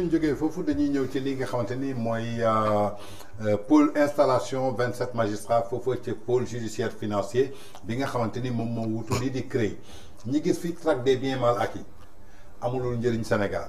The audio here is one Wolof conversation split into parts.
suñ jógee foofu dañuy ñëw ci li nga xamanteni moy euh, euh, pôle installation 27 magistrats fofu ci pôle judiciaire financier bi nga xamanteni mon mo moo wutu lii di CREI ñi gis fi traque des biens mal acquis amulul njëriñ Sénégal.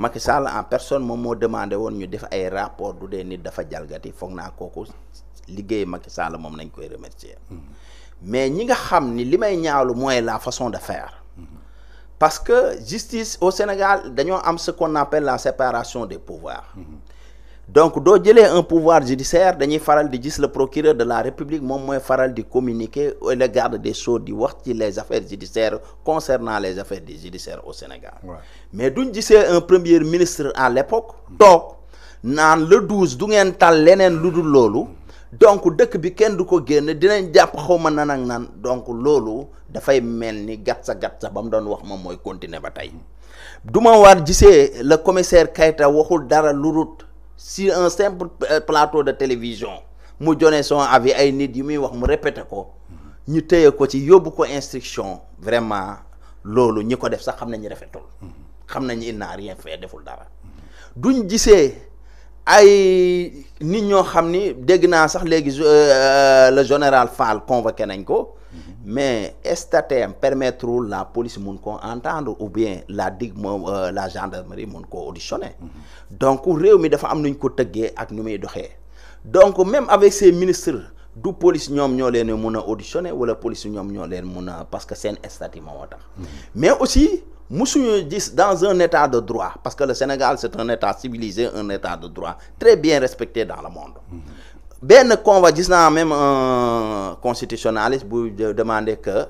Macky Sall en personne moom moo demandé woon ñu def ay rapport du dee nit dafa jalgati foog naa kooku liggéey Macky Sall nañ koy mais ñi nga je ni c'est may la façon de faire parce que justice au Sénégal dañoo am ce qu'on appelle la séparation des pouvoirs donc do jëlee un pouvoir judiciaire dañuy faral di gis le procureur de la république mom moy faral di communiquer le garde des sceaux di wax ci les affaires judiciaires concernant les affaires judiciaires au Sénégal ouais. mais duñ gissé un premier ministre à l'époque Donc, nan le 12 du ngeen tal lenen lu lolu. donc dëkk bi kenn du ko génn dinañ japp xawma nan ak nan donc lolu da fay melni gatsa gatsa bam doon wax mom moy continuer ba tey war gissé le commissaire Keïta waxul dara lu sur un simple euh, plateau de télévision mu jone son avis ay nit yu mi wax mu répéter ko ñu téyé ko ci yóbbu ko instruction vraiment lolu ñi ko def sax xam nañu rafetul xam nañu il n'a rien fait deful dara duñ gisee ay nit ñoo xamni ni dégg naa sax légui euh, euh, le général Fall convoqué nañ ko mais STTM permettront la police mun entendre ou bien la euh, la gendarmerie mun auditionner mhm. donc réew mi dafa am nu ko tëggee ak donc même avec ces ministres du police ñom ñoo leen auditionner wala police parce que un statut moo mhm. mais aussi nous sommes dans un état de droit parce que le Sénégal c'est un état civilisé un état de droit très bien respecté dans le monde mhm benn convoi gis même un constitutionnaliste pour demander que euh,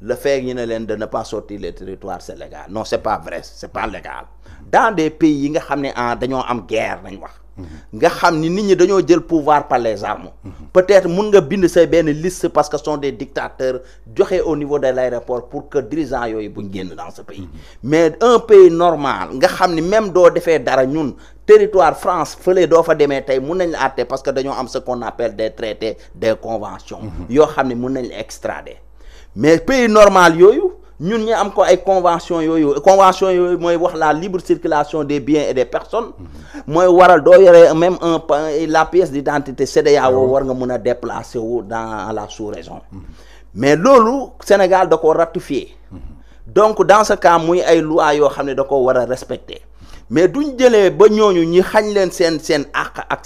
le fait de ne pas sortir les territoire, c'est légal non c'est pas vrai c'est pas légal dans des pays yi nga xam ah, guerre Mm-hmm. nga xamni ni nit ñi dañoo jël pouvoir par les armes mm-hmm. peut-être mun nga bind say ben liste parce que sont des dictateurs sont au niveau de l'aéroport pour que dirigeants yooyu buñu genn dans ce pays mm-hmm. mais un pays normal nga xamni même do défé dara ñun territoire France feulé do fa démé tay mun nañ la parce que dañoo am ce qu'on appelle des traités des conventions yo xamni ne mun nañ extrader mais pays normal yoyu nous avons am ko ay convention yooyu convention la libre circulation des biens et des personnes Nous mm-hmm. waral même un la pièce d'identité CEDEAO mm-hmm. war nga a déplacer dans la sous-région mm-hmm. mais le Sénégal da ratifié donc dans ce cas muy ay loi qui xam ne respecter mais duñ jëlee ba ñooñu ñi xañ leen seen seen àq ak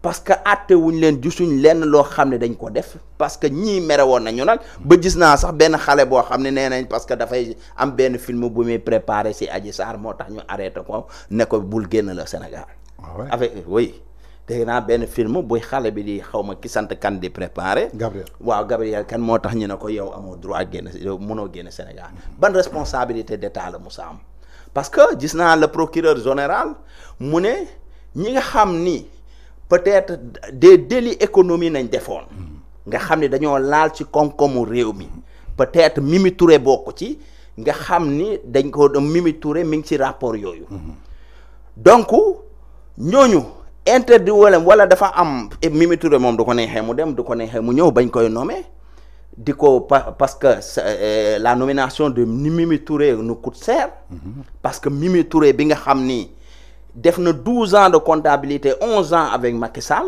parce que àtte wuñ leen gisuñ lenn loo xam ne dañ ko def parce que ñi méré won nañu nak ba gis naa sax ben, xalé bo xamné né nañ parce que fay am ben film bu me préparé ci Adji Sar motax ñu arrêté ko né ko bul génn le Sénégal. Ah avec oui dégg ben benn film bu xalé bi di xawma ki sante kan di préparé. Gabriel waaw Gabriel kan motax tax ñu ne ko yow amo droit génn mëno génn Sénégal ban responsabilité d'état la Moussa am parce que gis naa le procureur général mu ñi nga peut-être des délits économiques nañ defoon nga xamni ne dañoo laal ci koom-koomu réew mi peut-être Mimi Touré bokk ci nga xamni dañ ko Mimi Touré mi ci rapport yoyu donc ñooñu interdit wala wala dafa am Mimi Touré mom du ko neexee mu dem du ko neexee mu ñëw bañ koy nommer diko parce que euh, la nomination de Mimi Touré nous coûte cher mm-hmm. parce que Mimi Touré bi nga xamni def na 12 ans de comptabilité 11 ans avec Macky Sall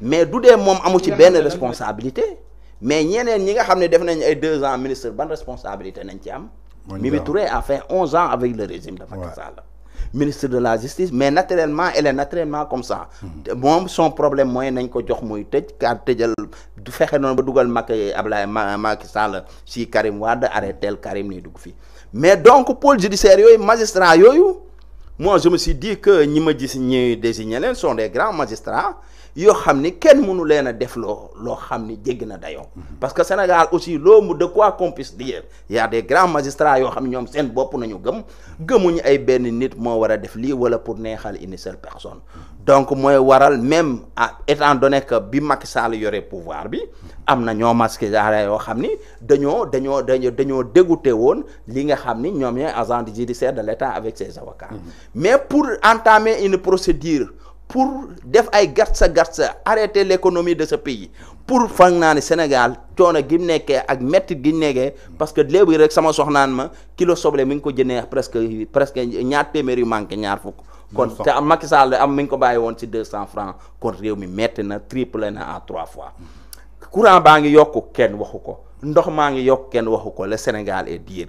mais du mom moom amu ci ben responsabilité mais ñeneen ñi nga xamné def nañ ay deux ans ministre ban responsabilité nañ ci am Mimi Touré a fait 11 ans avec le régime de Macky Sall ministre de la justice mais naturellement elle est naturellement comme ça mom hmm. son problème mooy nañ ko jox moy tëj car tejal du fexé non ba duggal Macky Ablaye Macky Sall si Karim Wade arrêtel Karim ni dugg fi mais donc pôle judiciaire yoy magistrat moi, je me suis dit que les désigné sont des grands magistrats yo xamni kenn mënu leena def lo lo xamni djegna dayo parce que Sénégal aussi lo mu de quoi qu'on puisse il y a des grands magistrats yo xamni ñom sen bop nañu gëm gëmuñu ay benn nit mo wara def li wala pour neexal une seule personne donc moy waral même ah étant donné que bi Macky Sall yore pouvoir bi amna na ñoo magistrats yo xamni ni dañoo dañoo dañoo dañoo dégoûté woon li nga xamni ñom ñe ñooy agent judiciaire de l'État avec ses avocats mm-hmm. mais pour entamer une procédure pour def ay gatsa gatsa arrêter l'économie de ce pays pour fang naa ne Sénégal coono gi mu nekkee ak métti gi nekkee parce que léegi rek sama soxnaan ma kilo soble mi ngi ko jëndee presque presque ñaar téeméer yu manqué ñaar fukk. kon te am Macky Sall am mi ngi ko bàyyi woon si deux cent francs kon réew mi métti na triple na à trois fois courant baa ngi yokk kenn waxu ko ndox maa ngi yokk kenn waxu ko la Sénégal est dire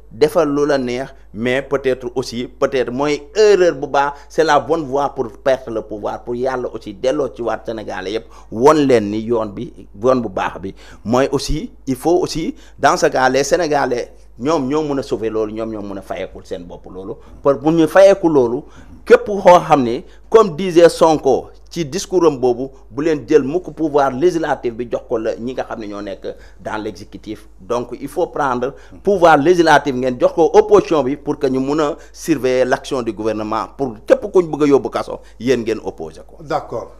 défal lola mais peut-être aussi peut-être erreur c'est la bonne voie pour perdre le pouvoir pour aller aussi dès ci Sénégalais yépp won len ni yoon bi bon bu aussi il faut aussi dans ce cas les Sénégalais ñom ñom mëna sauver lolu ñom ñom mëna pour bu ñu comme disait Sonko ci discours bobu bu len djel mukk pouvoir législatif bi jox ko la ñi nga xam ñoo dans l'exécutif donc il faut prendre pouvoir législatif ngeen jox ko opposition bi pour que ñu mëna surveiller l'action du gouvernement pour képp kuñ bëgg a kasso yeen yéen ngeen opposé ko d'accord